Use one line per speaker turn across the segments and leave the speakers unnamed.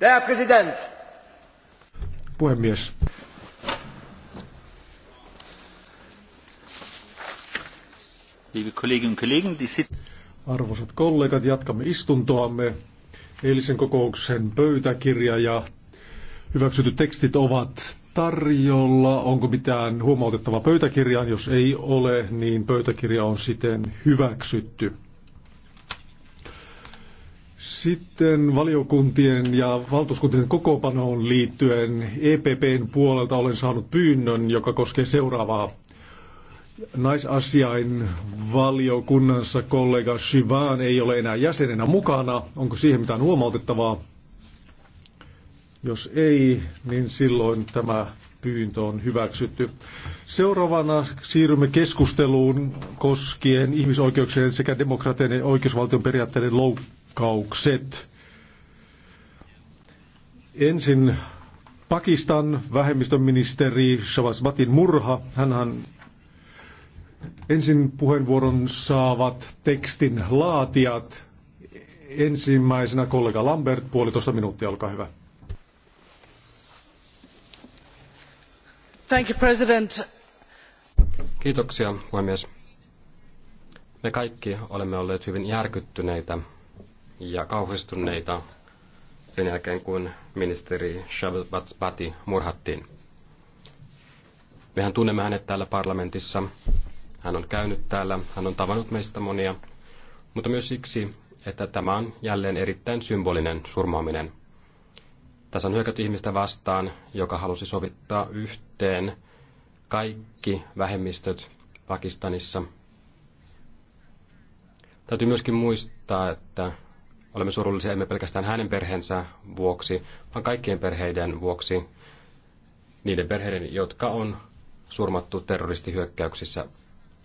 Der
Puhemies. Arvoisat kollegat, jatkamme istuntoamme. Eilisen kokouksen pöytäkirja ja hyväksytyt tekstit ovat tarjolla. Onko mitään huomautettavaa pöytäkirjaan? Jos ei ole, niin pöytäkirja on siten hyväksytty. Sitten valiokuntien ja valtuuskuntien kokoonpanoon liittyen EPPn puolelta olen saanut pyynnön, joka koskee seuraavaa. Naisasiain valiokunnassa kollega Shivan ei ole enää jäsenenä mukana. Onko siihen mitään huomautettavaa? Jos ei, niin silloin tämä pyyntö on hyväksytty. Seuraavana siirrymme keskusteluun koskien ihmisoikeuksien sekä demokratian ja oikeusvaltion periaatteiden loukkaukset. Ensin Pakistan vähemmistöministeri Batin murha. Hänhän ensin puheenvuoron saavat tekstin laatijat. Ensimmäisenä kollega Lambert,
puolitoista minuuttia, olkaa hyvä.
Thank you, President.
Kiitoksia, puhemies. Me kaikki olemme olleet hyvin järkyttyneitä ja kauhistuneita sen jälkeen, kun ministeri Shabbat murhattiin. Mehän tunnemme hänet täällä parlamentissa. Hän on käynyt täällä, hän on tavannut meistä monia, mutta myös siksi, että tämä on jälleen erittäin symbolinen surmaaminen. Tässä on hyökätty ihmistä vastaan, joka halusi sovittaa yhteen kaikki vähemmistöt Pakistanissa. Täytyy myöskin muistaa, että olemme surullisia emme pelkästään hänen perheensä vuoksi, vaan kaikkien perheiden vuoksi, niiden perheiden, jotka on surmattu terroristihyökkäyksissä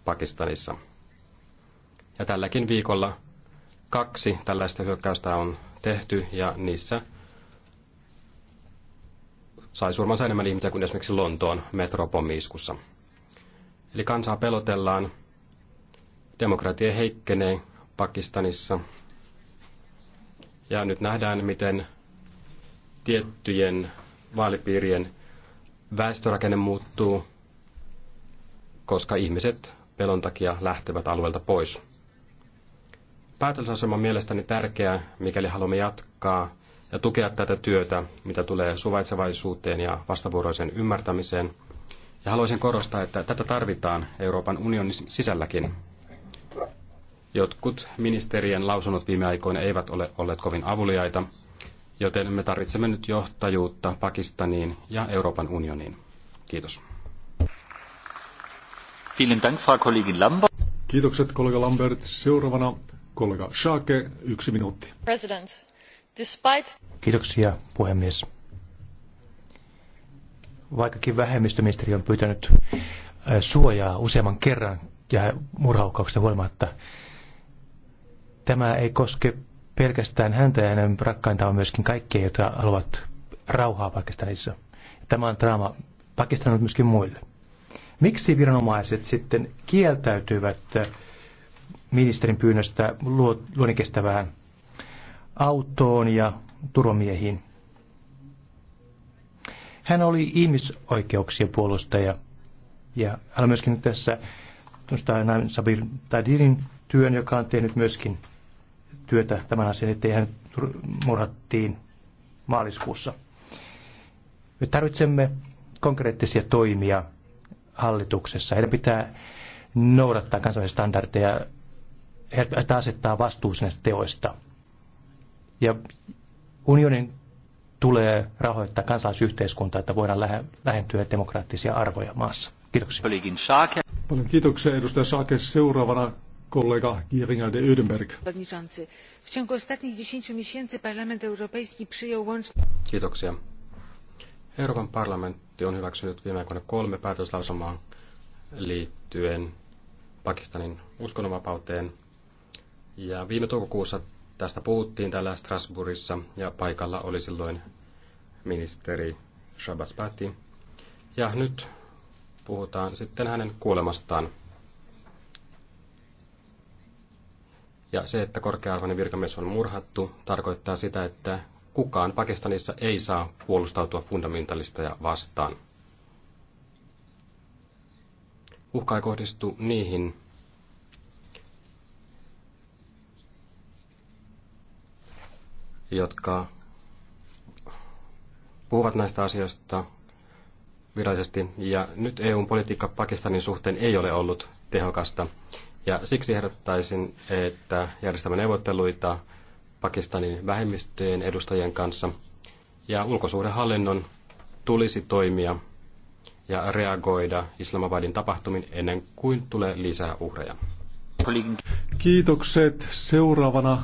Pakistanissa. Ja tälläkin viikolla kaksi tällaista hyökkäystä on tehty ja niissä – sai surmansa enemmän ihmisiä kuin esimerkiksi Lontoon metropomiiskussa. Eli kansaa pelotellaan, demokratia heikkenee Pakistanissa, ja nyt nähdään, miten tiettyjen vaalipiirien väestörakenne muuttuu, koska ihmiset pelon takia lähtevät alueelta pois. Päätösasema on mielestäni tärkeä, mikäli haluamme jatkaa ja tukea tätä työtä, mitä tulee suvaitsevaisuuteen ja vastavuoroisen ymmärtämiseen. Ja haluaisin korostaa, että tätä tarvitaan Euroopan unionin sisälläkin. Jotkut ministerien lausunnot viime aikoina eivät ole olleet kovin avuliaita, joten me tarvitsemme nyt johtajuutta Pakistaniin ja Euroopan unioniin. Kiitos. Vielen Dank, Lambert. Kiitokset, kollega
Lambert. Seuraavana kollega Schake, yksi minuutti.
President. Despite...
Kiitoksia, puhemies. Vaikkakin vähemmistöministeri on pyytänyt äh, suojaa useamman kerran ja murhaukkauksesta huolimatta, tämä ei koske pelkästään häntä ja hänen rakkaintaan, vaan myöskin kaikkia, jotka haluavat rauhaa Pakistanissa. Tämä on draama Pakistanille myöskin muille. Miksi viranomaiset sitten kieltäytyvät äh, ministerin pyynnöstä luonikestävään autoon ja turvamiehiin. Hän oli ihmisoikeuksien puolustaja ja hän on myöskin tässä Sabir Tadirin työn, joka on tehnyt myöskin työtä tämän asian, ettei hän murhattiin maaliskuussa. Me tarvitsemme konkreettisia toimia hallituksessa. Heidän pitää noudattaa kansainvälisiä standardeja, ja asettaa vastuuseen näistä teoista. Ja unionin tulee rahoittaa kansalaisyhteiskuntaa, että voidaan lähentyä demokraattisia
arvoja maassa. Kiitoksia. Paljon kiitoksia edustaja Saake. Seuraavana
kollega Giringa de Ydenberg. Kiitoksia. Euroopan parlamentti on hyväksynyt viime aikoina kolme päätöslausumaa liittyen Pakistanin uskonnonvapauteen. Ja viime toukokuussa Tästä puhuttiin täällä Strasbourgissa ja paikalla oli silloin ministeri Pati. Ja nyt puhutaan sitten hänen kuolemastaan. Ja se, että korkea-arvoinen virkamies on murhattu, tarkoittaa sitä, että kukaan Pakistanissa ei saa puolustautua fundamentalista ja vastaan. Uhka ei kohdistu niihin, jotka puhuvat näistä asioista virallisesti. Ja nyt EUn politiikka Pakistanin suhteen ei ole ollut tehokasta. Ja siksi ehdottaisin, että järjestämme neuvotteluita Pakistanin vähemmistöjen edustajien kanssa. Ja ulkosuhdehallinnon tulisi toimia ja reagoida Islamabadin tapahtumin ennen kuin tulee lisää uhreja.
Kiitokset. Seuraavana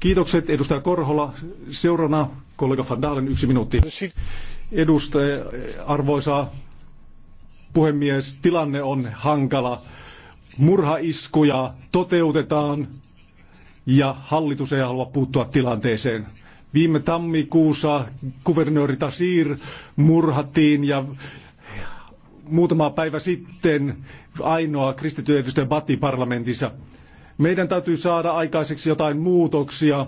Kiitokset edustaja Korhola. Seurana kollega Van Dalen yksi minuutti. Edustaja, arvoisa puhemies, tilanne on hankala. Murhaiskuja toteutetaan ja hallitus ei halua puuttua tilanteeseen. Viime tammikuussa kuvernööri Tasir murhattiin ja muutama päivä sitten ainoa kristitty edustaja Batti parlamentissa. Meidän täytyy saada aikaiseksi jotain muutoksia.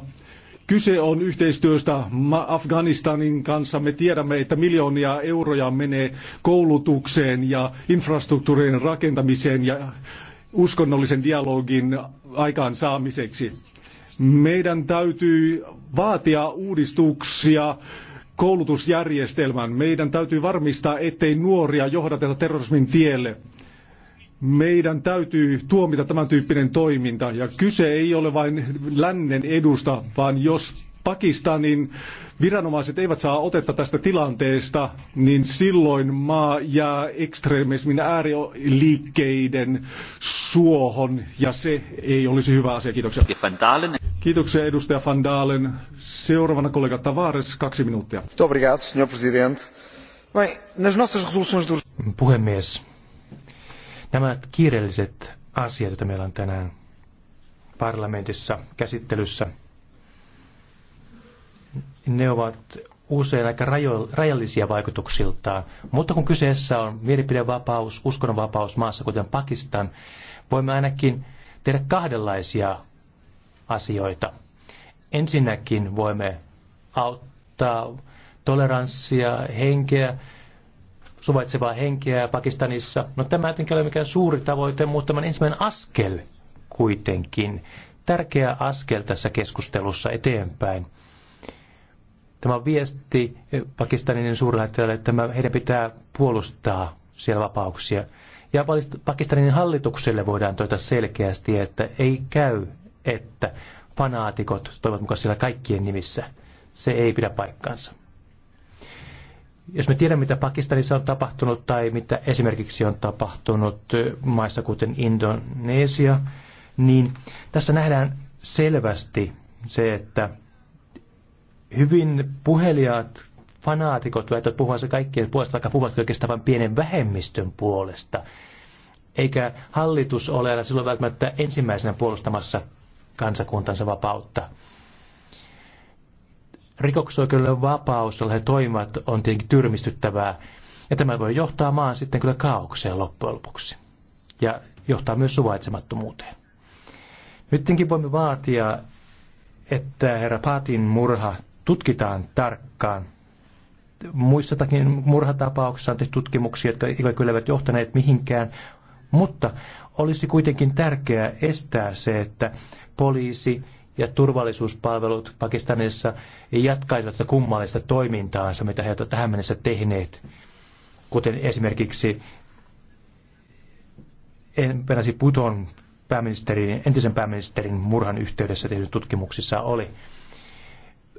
Kyse on yhteistyöstä Afganistanin kanssa. Me tiedämme, että miljoonia euroja menee koulutukseen ja infrastruktuurien rakentamiseen ja uskonnollisen dialogin aikaansaamiseksi. Meidän täytyy vaatia uudistuksia koulutusjärjestelmään. Meidän täytyy varmistaa, ettei nuoria johdateta terrorismin tielle meidän täytyy tuomita tämän tyyppinen toiminta. Ja kyse ei ole vain lännen edusta, vaan jos Pakistanin viranomaiset eivät saa otetta tästä tilanteesta, niin silloin maa jää ekstremismin ääriliikkeiden suohon, ja se ei olisi hyvä asia. Kiitoksia. Kiitoksia edustaja Van Dalen. Seuraavana kollega Tavares, kaksi minuuttia.
Puhemies, Nämä kiireelliset asiat, joita meillä on tänään parlamentissa käsittelyssä, ne ovat usein aika rajallisia vaikutuksiltaan. Mutta kun kyseessä on mielipidevapaus, uskonnonvapaus maassa kuten Pakistan, voimme ainakin tehdä kahdenlaisia asioita. Ensinnäkin voimme auttaa toleranssia, henkeä suvaitsevaa henkeä Pakistanissa. No tämä ei ole mikään suuri tavoite, mutta tämä on ensimmäinen askel kuitenkin. Tärkeä askel tässä keskustelussa eteenpäin. Tämä viesti Pakistanin suurlähettiläille, että heidän pitää puolustaa siellä vapauksia. Ja Pakistanin hallitukselle voidaan todeta selkeästi, että ei käy, että fanaatikot toivat mukaan siellä kaikkien nimissä. Se ei pidä paikkaansa. Jos me tiedämme, mitä Pakistanissa on tapahtunut tai mitä esimerkiksi on tapahtunut maissa kuten Indonesia, niin tässä nähdään selvästi se, että hyvin puheliaat fanaatikot väittävät puhuvansa kaikkien puolesta, vaikka puhuvat oikeastaan vain pienen vähemmistön puolesta. Eikä hallitus ole aina silloin välttämättä ensimmäisenä puolustamassa kansakuntansa vapautta rikoksoikeudellinen vapaus, jolla he toimivat, on tietenkin tyrmistyttävää. Ja tämä voi johtaa maan sitten kyllä kaaukseen loppujen lopuksi. Ja johtaa myös suvaitsemattomuuteen. Nytkin voimme vaatia, että herra Patin murha tutkitaan tarkkaan. Muissakin murhatapauksissa on tehty tutkimuksia, jotka eivät kyllä eivät johtaneet mihinkään, mutta olisi kuitenkin tärkeää estää se, että poliisi ja turvallisuuspalvelut Pakistanissa jatkaisivat tätä kummallista toimintaansa, mitä he ovat tähän mennessä tehneet, kuten esimerkiksi Penasi Puton pääministerin, entisen pääministerin murhan yhteydessä tehdyissä tutkimuksissa oli.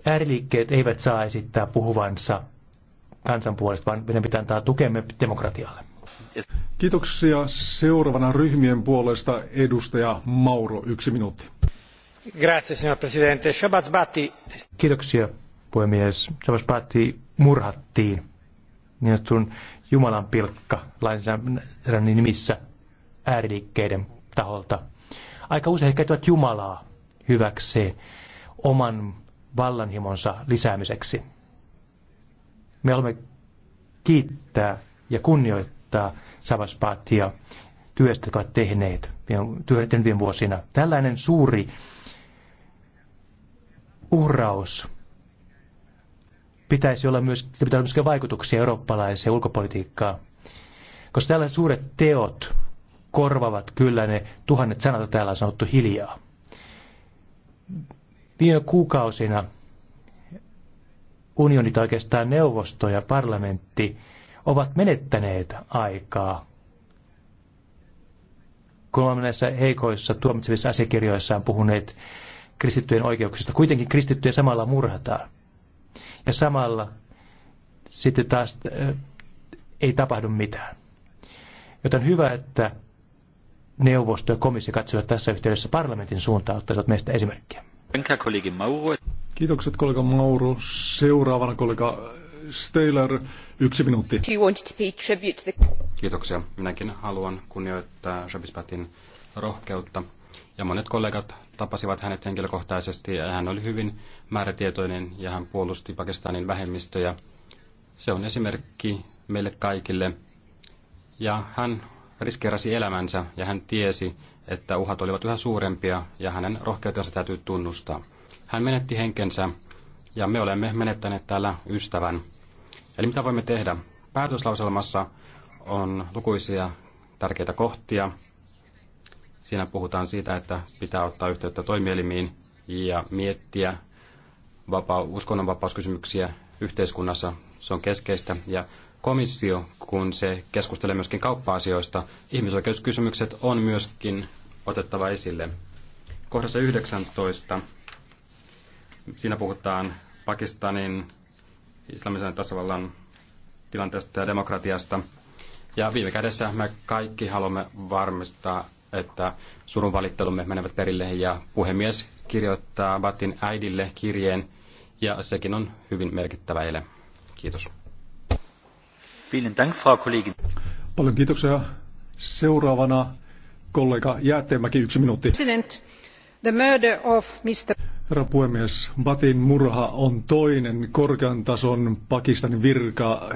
Ääriliikkeet eivät saa
esittää puhuvansa kansan puolesta, vaan meidän pitää antaa tukemme demokratialle. Kiitoksia. Seuraavana ryhmien puolesta edustaja Mauro, yksi minuutti.
Kiitoksia, puhemies. shabazz Bhatti murhattiin niin sanotun Jumalan pilkka lainsäädännön nimissä ääriliikkeiden taholta. Aika usein he käyttävät Jumalaa hyväkseen oman vallanhimonsa lisäämiseksi. Me olemme kiittää ja kunnioittaa Savaspaattia työstä, jotka ovat tehneet viime vuosina. Tällainen suuri uhraus pitäisi olla myös, pitää olla myös vaikutuksia eurooppalaiseen ulkopolitiikkaan. Koska tällaiset suuret teot korvavat kyllä ne tuhannet sanat, joita täällä on sanottu hiljaa. Viime kuukausina unionit oikeastaan neuvosto ja parlamentti ovat menettäneet aikaa kun olemme näissä heikoissa tuomitsevissa asiakirjoissaan puhuneet kristittyjen oikeuksista. Kuitenkin kristittyjä samalla murhataan. Ja samalla sitten taas äh, ei tapahdu mitään. Joten hyvä, että neuvosto ja komissio katsovat tässä yhteydessä parlamentin
suuntaan, ottaisivat meistä esimerkkiä. Kiitokset kollega Mauro. Seuraavana kollega Steiler, yksi minuutti.
Kiitoksia. Minäkin haluan kunnioittaa Shabisbatin rohkeutta. Ja monet kollegat tapasivat hänet henkilökohtaisesti ja hän oli hyvin määrätietoinen ja hän puolusti Pakistanin vähemmistöjä. Se on esimerkki meille kaikille. Ja hän riskeerasi elämänsä ja hän tiesi, että uhat olivat yhä suurempia ja hänen rohkeutensa täytyy tunnustaa. Hän menetti henkensä ja me olemme menettäneet täällä ystävän. Eli mitä voimme tehdä? Päätöslauselmassa on lukuisia tärkeitä kohtia, Siinä puhutaan siitä, että pitää ottaa yhteyttä toimielimiin ja miettiä vapaa, uskonnonvapauskysymyksiä yhteiskunnassa. Se on keskeistä. Ja komissio, kun se keskustelee myöskin kauppa-asioista, ihmisoikeuskysymykset on myöskin otettava esille. Kohdassa 19 siinä puhutaan Pakistanin islamisen tasavallan tilanteesta ja demokratiasta. Ja viime kädessä me kaikki haluamme varmistaa että surun valittelumme menevät perille ja puhemies kirjoittaa Batin äidille kirjeen ja sekin on hyvin merkittävä ele. Kiitos.
Paljon kiitoksia. Seuraavana kollega Jäätteenmäki, yksi minuutti. Herra puhemies, Batin murha on toinen korkean tason Pakistanin virka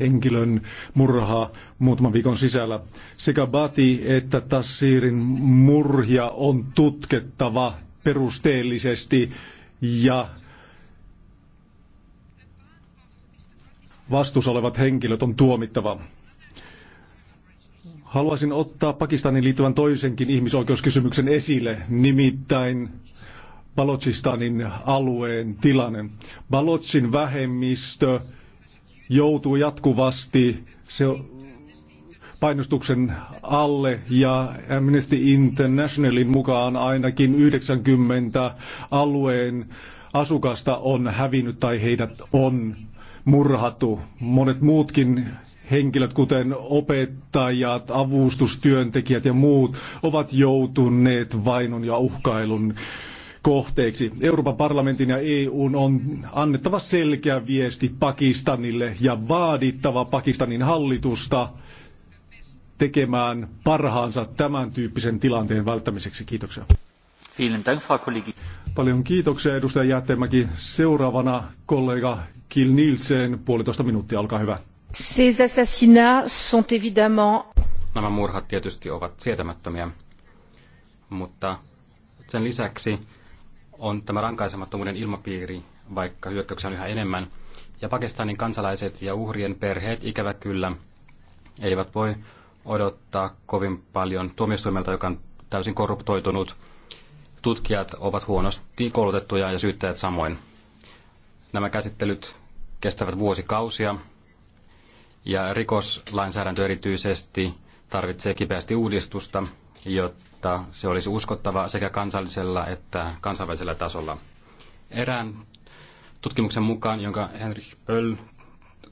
henkilön murhaa muutaman viikon sisällä. Sekä Bati että Tassirin murhia on tutkettava perusteellisesti ja vastuussa olevat henkilöt on tuomittava. Haluaisin ottaa Pakistanin liittyvän toisenkin ihmisoikeuskysymyksen esille, nimittäin Balochistanin alueen tilanne. Balochin vähemmistö joutuu jatkuvasti se painostuksen alle ja Amnesty Internationalin mukaan ainakin 90 alueen asukasta on hävinnyt tai heidät on murhattu. Monet muutkin henkilöt, kuten opettajat, avustustyöntekijät ja muut, ovat joutuneet vainon ja uhkailun kohteeksi. Euroopan parlamentin ja EUn on annettava selkeä viesti Pakistanille ja vaadittava Pakistanin hallitusta tekemään parhaansa tämän tyyppisen tilanteen välttämiseksi. Kiitoksia. Paljon kiitoksia edustaja Jäätteenmäki. Seuraavana kollega
Kil Nielsen, puolitoista minuuttia, olkaa hyvä.
Ces assassinats sont évidemment...
Nämä murhat tietysti ovat sietämättömiä, mutta sen lisäksi on tämä rankaisemattomuuden ilmapiiri, vaikka hyökkäyksiä on yhä enemmän. Ja Pakistanin kansalaiset ja uhrien perheet ikävä kyllä eivät voi odottaa kovin paljon tuomioistuimelta, joka on täysin korruptoitunut. Tutkijat ovat huonosti koulutettuja ja syyttäjät samoin. Nämä käsittelyt kestävät vuosikausia ja rikoslainsäädäntö erityisesti tarvitsee kipeästi uudistusta, jotta se olisi uskottava sekä kansallisella että kansainvälisellä tasolla. Erään tutkimuksen mukaan, jonka Henrik Böll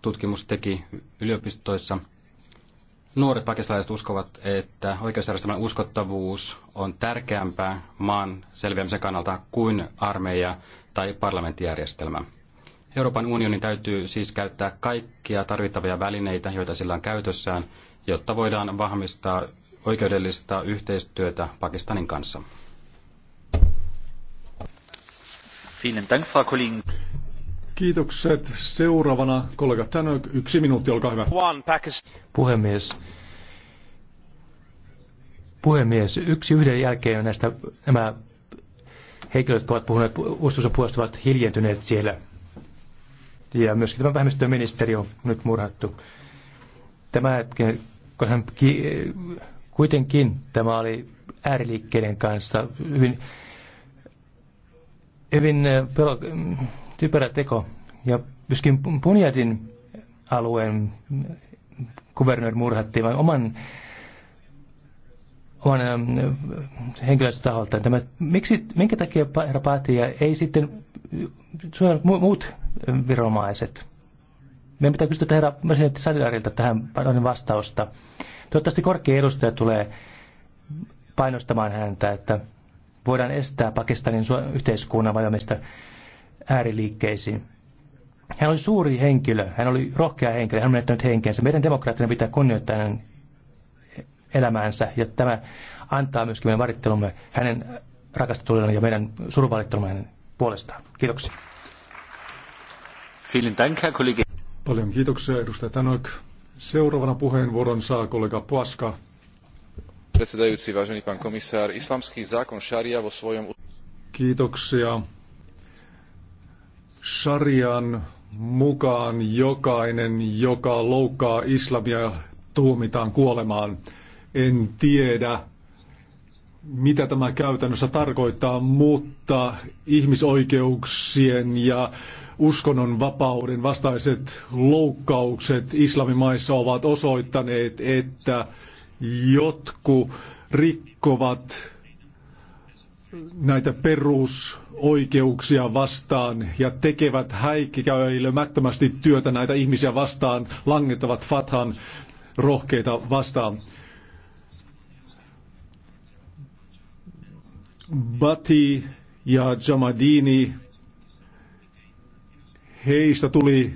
tutkimus teki yliopistoissa, nuoret pakistalaiset uskovat, että oikeusjärjestelmän uskottavuus on tärkeämpää maan selviämisen kannalta kuin armeija tai parlamenttijärjestelmä. Euroopan unionin täytyy siis käyttää kaikkia tarvittavia välineitä, joita sillä on käytössään, jotta voidaan vahvistaa oikeudellista yhteistyötä Pakistanin kanssa.
Kiitokset. Seuraavana kollega Tänök. Yksi minuutti, olkaa hyvä. Puhemies.
Puhemies, yksi yhden jälkeen näistä nämä henkilöt, jotka ovat puhuneet uskonsa puolesta, ovat hiljentyneet siellä. Ja myöskin tämä vähemmistöministeri on nyt murhattu. Tämä koska hän ki, kuitenkin tämä oli ääriliikkeiden kanssa hyvin, hyvin pelo, typerä teko. Ja myöskin Punjatin alueen kuvernööri murhattiin vain oman, oman henkilöstön taholta. Tämä, miksi, minkä takia herra Paatia ei sitten muut viranomaiset meidän pitää kysyä herra presidentti Sadilarilta tähän vastausta. Toivottavasti korkea edustaja tulee painostamaan häntä, että voidaan estää Pakistanin yhteiskunnan vajomista ääriliikkeisiin. Hän oli suuri henkilö, hän oli rohkea henkilö, hän on menettänyt henkensä. Meidän demokraattinen pitää kunnioittaa hänen elämäänsä ja tämä antaa myöskin meidän varittelumme hänen
rakastetulleen ja meidän surunvalittelumme hänen puolestaan. Kiitoksia. Vielen Dank, Herr Kollege Paljon kiitoksia edustaja Tanoik. Seuraavana puheenvuoron saa kollega Puaska. Predsedajúci, vážený pán komisár, islamský zákon šaria vo svojom... Kiitoksia. Sharian mukaan jokainen, joka loukkaa islamia, tuomitaan kuolemaan. En tiedä, mitä tämä käytännössä tarkoittaa, mutta ihmisoikeuksien ja uskonnon vapauden vastaiset loukkaukset islamimaissa ovat osoittaneet, että jotkut rikkovat näitä perusoikeuksia vastaan ja tekevät häikkikäilemättömästi työtä näitä ihmisiä vastaan, langettavat Fathan rohkeita vastaan. Bati ja Jamadini, heistä tuli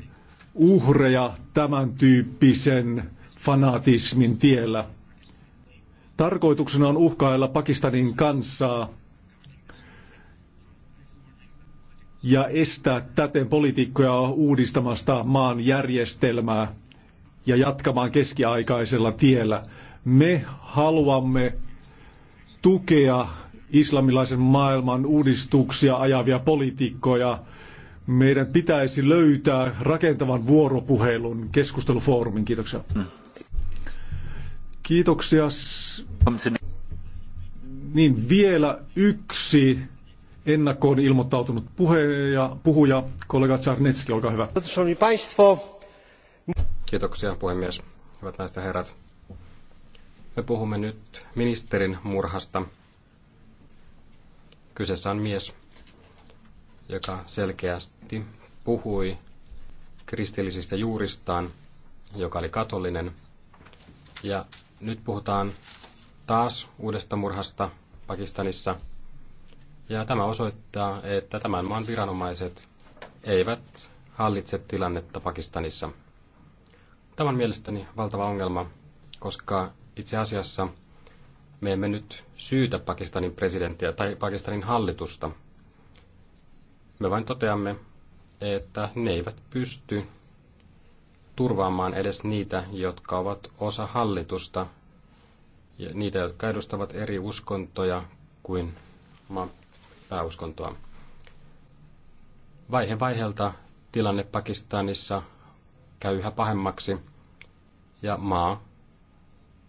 uhreja tämän tyyppisen fanatismin tiellä. Tarkoituksena on uhkailla Pakistanin kansaa ja estää täten poliitikkoja uudistamasta maan järjestelmää ja jatkamaan keskiaikaisella tiellä. Me haluamme tukea islamilaisen maailman uudistuksia ajavia poliitikkoja. Meidän pitäisi löytää rakentavan vuoropuhelun keskustelufoorumin. Kiitoksia. Mm. Kiitoksia. Niin vielä yksi ennakkoon ilmoittautunut puheja, puhuja, kollega Czarnecki, olkaa hyvä.
Kiitoksia puhemies. Hyvät naiset ja herrat. Me puhumme nyt ministerin murhasta, Kyseessä on mies, joka selkeästi puhui kristillisistä juuristaan, joka oli katolinen. Ja nyt puhutaan taas uudesta murhasta Pakistanissa. Ja tämä osoittaa, että tämän maan viranomaiset eivät hallitse tilannetta Pakistanissa. Tämä on mielestäni valtava ongelma, koska itse asiassa me emme nyt syytä Pakistanin presidenttiä tai Pakistanin hallitusta. Me vain toteamme, että ne eivät pysty turvaamaan edes niitä, jotka ovat osa hallitusta, ja niitä, jotka edustavat eri uskontoja kuin maan pääuskontoa. Vaihe vaiheelta tilanne Pakistanissa käy yhä pahemmaksi ja maa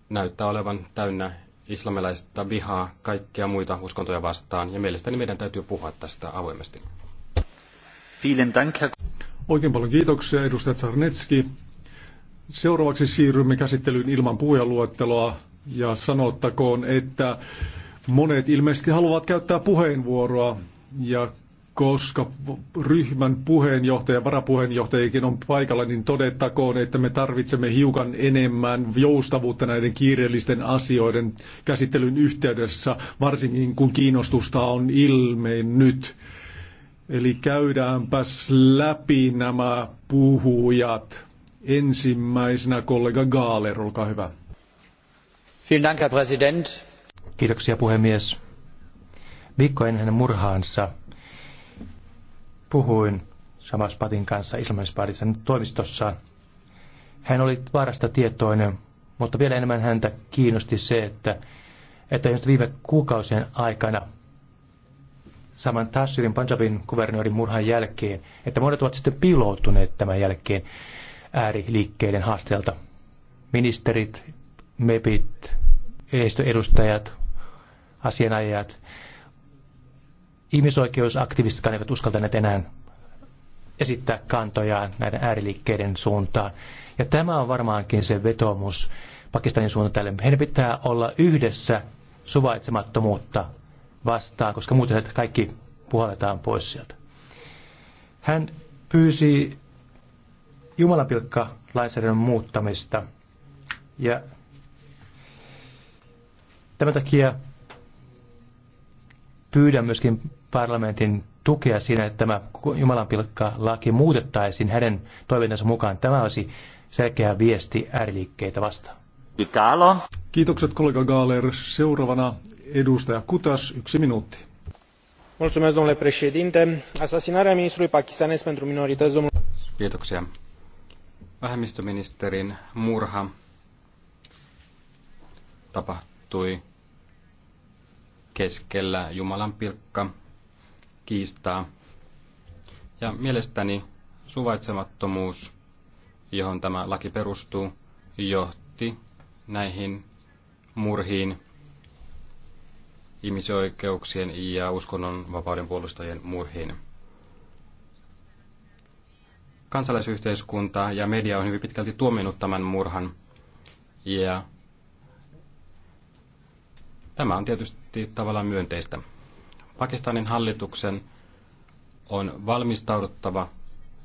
näyttää olevan täynnä islamilaista vihaa kaikkia muita uskontoja vastaan, ja mielestäni meidän täytyy puhua tästä avoimesti. Oikein paljon
kiitoksia, edustaja Tsarnetski. Seuraavaksi siirrymme käsittelyyn ilman puhujaluetteloa, ja sanottakoon, että monet ilmeisesti haluavat käyttää puheenvuoroa, ja koska ryhmän puheenjohtaja, varapuheenjohtajakin on paikalla, niin todettakoon, että me tarvitsemme hiukan enemmän joustavuutta näiden kiireellisten asioiden käsittelyn yhteydessä, varsinkin kun kiinnostusta on nyt Eli käydäänpäs läpi nämä puhujat. Ensimmäisenä kollega Gaaler, olkaa hyvä.
Kiitoksia puhemies. Viikko ennen murhaansa puhuin Shamas Patin kanssa islamilaisparitsan toimistossaan. Hän oli varasta tietoinen, mutta vielä enemmän häntä kiinnosti se, että, että viime kuukausien aikana saman Tassirin Punjabin kuvernöörin murhan jälkeen, että monet ovat sitten piiloutuneet tämän jälkeen ääriliikkeiden haasteelta. Ministerit, MEPit, edustajat, asianajajat ihmisoikeusaktivistit eivät uskaltaneet enää esittää kantojaan näiden ääriliikkeiden suuntaan. Ja tämä on varmaankin se vetomus Pakistanin suuntaan tälle. Heidän pitää olla yhdessä suvaitsemattomuutta vastaan, koska muuten kaikki puhalletaan pois sieltä. Hän pyysi Jumalanpilkka lainsäädännön muuttamista. Ja tämän takia pyydän myöskin parlamentin tukea siinä, että tämä Jumalanpilkka laki muutettaisiin hänen toiveensa mukaan. Tämä olisi selkeä viesti ääriliikkeitä vastaan. Italo.
Kiitokset kollega Gaaler. Seuraavana edustaja Kutas, yksi minuutti.
Mulțumesc, domnule președinte. Asasinarea ministrului pakistanez pentru minorități, domnul... Kiitoksia. Vähemmistöministerin murha tapahtui keskellä Jumalan pilkka kiistaa. Ja mielestäni suvaitsemattomuus, johon tämä laki perustuu, johti näihin murhiin, ihmisoikeuksien ja uskonnonvapauden puolustajien murhiin. Kansalaisyhteiskunta ja media on hyvin pitkälti tuominnut tämän murhan. Ja tämä on tietysti tavallaan myönteistä. Pakistanin hallituksen on valmistauduttava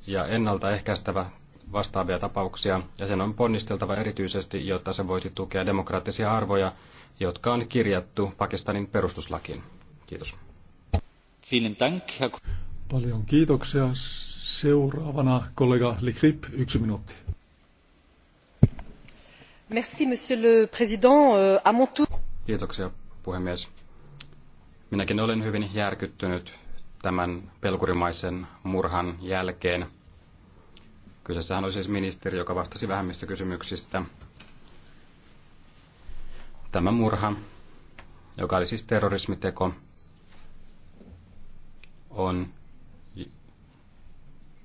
ja ennaltaehkäistävä vastaavia tapauksia, ja sen on ponnisteltava erityisesti, jotta se voisi tukea demokraattisia arvoja, jotka on kirjattu Pakistanin perustuslakiin. Kiitos.
Paljon kiitoksia. Seuraavana kollega
Likrip, yksi minuutti.
Merci, monsieur le président. Euh, à mon tour...
Kiitoksia, puhemies. Minäkin olen hyvin järkyttynyt tämän pelkurimaisen murhan jälkeen. Kyseessähän oli siis ministeri, joka vastasi vähemmistökysymyksistä. Tämä murha, joka oli siis terrorismiteko, on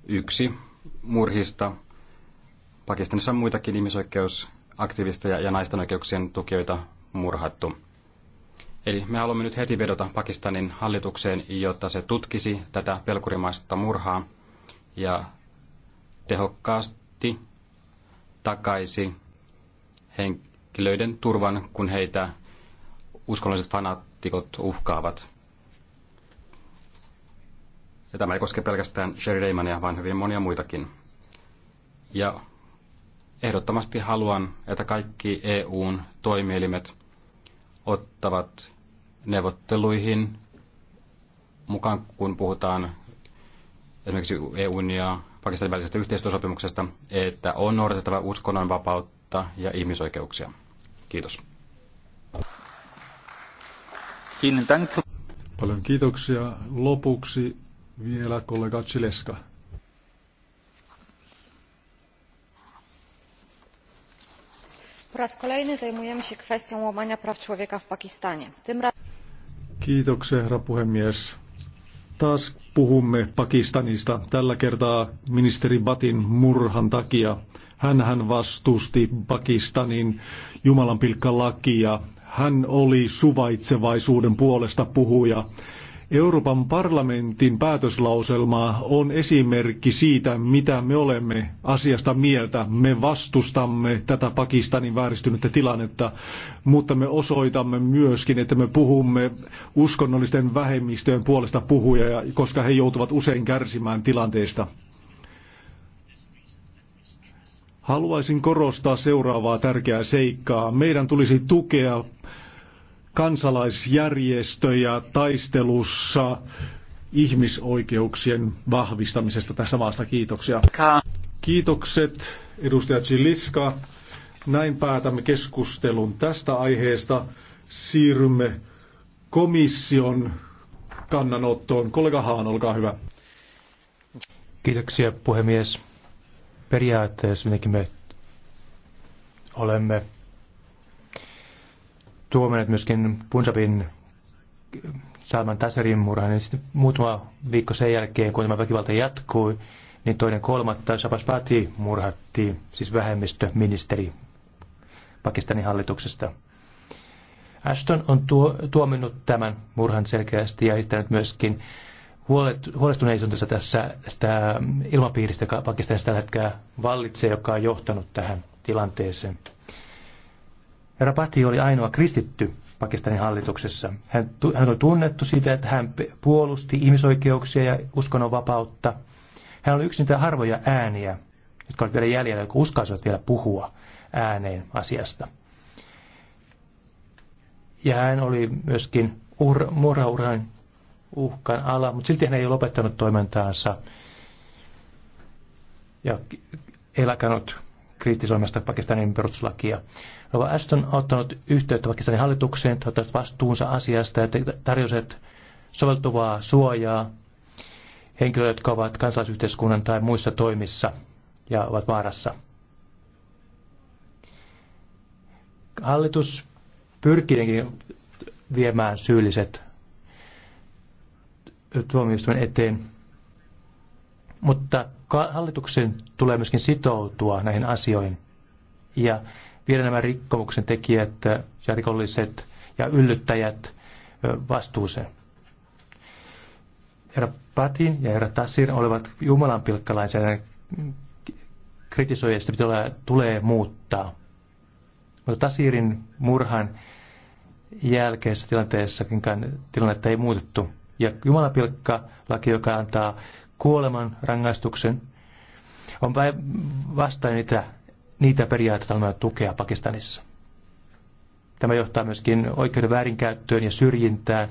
yksi murhista. Pakistanissa on muitakin ihmisoikeusaktivisteja ja naisten oikeuksien tukijoita murhattu. Eli me haluamme nyt heti vedota Pakistanin hallitukseen, jotta se tutkisi tätä pelkurimaista murhaa ja tehokkaasti takaisi henkilöiden turvan, kun heitä uskonnolliset fanaattikot uhkaavat. Ja tämä ei koske pelkästään Sherry Raymania, vaan hyvin monia muitakin. Ja ehdottomasti haluan, että kaikki EUn toimielimet ottavat neuvotteluihin mukaan, kun puhutaan esimerkiksi EUn ja Pakistanin välisestä yhteistyösopimuksesta, että on noudatettava uskonnonvapautta ja ihmisoikeuksia. Kiitos.
Paljon kiitoksia. Lopuksi vielä kollega Chileska.
Po raz kolejny zajmujemy się kwestią łamania praw człowieka w Pakistanie. Tym razem
Kiitoksia, herra puhemies. Taas puhumme Pakistanista, tällä kertaa ministeri Batin murhan takia. Hänhän vastusti Pakistanin jumalanpilkkalakia. Hän oli suvaitsevaisuuden puolesta puhuja Euroopan parlamentin päätöslauselma on esimerkki siitä, mitä me olemme asiasta mieltä. Me vastustamme tätä Pakistanin vääristynyttä tilannetta, mutta me osoitamme myöskin, että me puhumme uskonnollisten vähemmistöjen puolesta puhuja, koska he joutuvat usein kärsimään tilanteesta. Haluaisin korostaa seuraavaa tärkeää seikkaa. Meidän tulisi tukea kansalaisjärjestöjä taistelussa ihmisoikeuksien vahvistamisesta tässä maassa. Kiitoksia. Kiitokset edustaja Chiliska. Näin päätämme keskustelun tästä aiheesta. Siirrymme komission kannanottoon. Kollega Haan, olkaa hyvä.
Kiitoksia puhemies. Periaatteessa me olemme Tuomenet myöskin Punjabin Salman Taserin murhan, niin sitten muutama viikko sen jälkeen, kun tämä väkivalta jatkui, niin toinen kolmatta Shabas Pati murhattiin, siis vähemmistöministeri Pakistanin hallituksesta. Ashton on tuo, tuominnut tämän murhan selkeästi ja esittänyt myöskin huolet, huolestuneisuutensa tässä sitä ilmapiiristä, joka Pakistanissa tällä hetkellä vallitsee, joka on johtanut tähän tilanteeseen. Rabati oli ainoa kristitty Pakistanin hallituksessa. Hän, hän oli tunnettu siitä, että hän puolusti ihmisoikeuksia ja uskonnonvapautta. Hän oli yksi niitä harvoja ääniä, jotka olivat vielä jäljellä, jotka uskalsivat vielä puhua ääneen asiasta. Ja hän oli myöskin ur, murhauran uhkan ala, mutta silti hän ei ole lopettanut toimintaansa ja ei lakanut Pakistanin perustuslakia. Rova Ashton on ottanut yhteyttä Pakistanin hallitukseen, ottanut vastuunsa asiasta ja tarjoset soveltuvaa suojaa henkilöille, jotka ovat kansalaisyhteiskunnan tai muissa toimissa ja ovat vaarassa. Hallitus pyrkiikin viemään syylliset tuomioistuimen eteen, mutta hallituksen tulee myöskin sitoutua näihin asioihin ja viedä nämä rikkomuksen tekijät äh, ja rikolliset ja yllyttäjät äh, vastuuseen. Herra Patin ja herra Tassir olevat Jumalan pilkkalaisen kritisoijia, sitä pitää, tulee muuttaa. Mutta Tasirin murhan jälkeisessä tilanteessakin tilannetta ei muutettu. Ja pilkka laki, joka antaa kuoleman rangaistuksen, on vain vastainen niitä niitä periaatteita on tukea Pakistanissa. Tämä johtaa myöskin oikeuden väärinkäyttöön ja syrjintään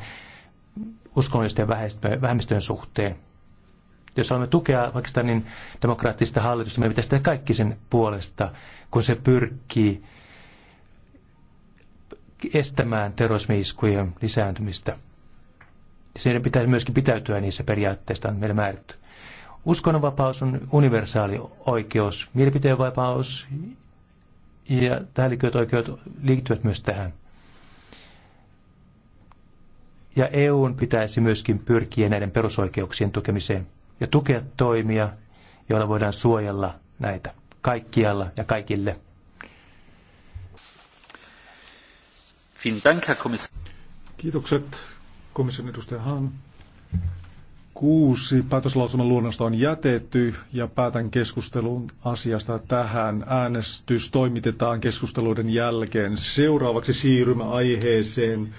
uskonnollisten vähemmistöjen suhteen. Jos haluamme tukea Pakistanin demokraattista hallitusta, meidän pitäisi tehdä kaikki sen puolesta, kun se pyrkii estämään terrorismi-iskujen lisääntymistä. Siinä pitäisi myöskin pitäytyä niissä periaatteista, on meille määrätty. Uskonnonvapaus on universaali oikeus, mielipiteenvapaus ja tähän liittyvät oikeudet liittyvät myös tähän. Ja EUn pitäisi myöskin pyrkiä näiden perusoikeuksien tukemiseen ja tukea toimia, joilla voidaan suojella näitä kaikkialla ja kaikille.
Kiitokset komission edustaja Hahn. Kuusi päätöslausuman luonnosta on jätetty ja päätän keskustelun asiasta tähän. Äänestys toimitetaan keskusteluiden jälkeen. Seuraavaksi siirrymme aiheeseen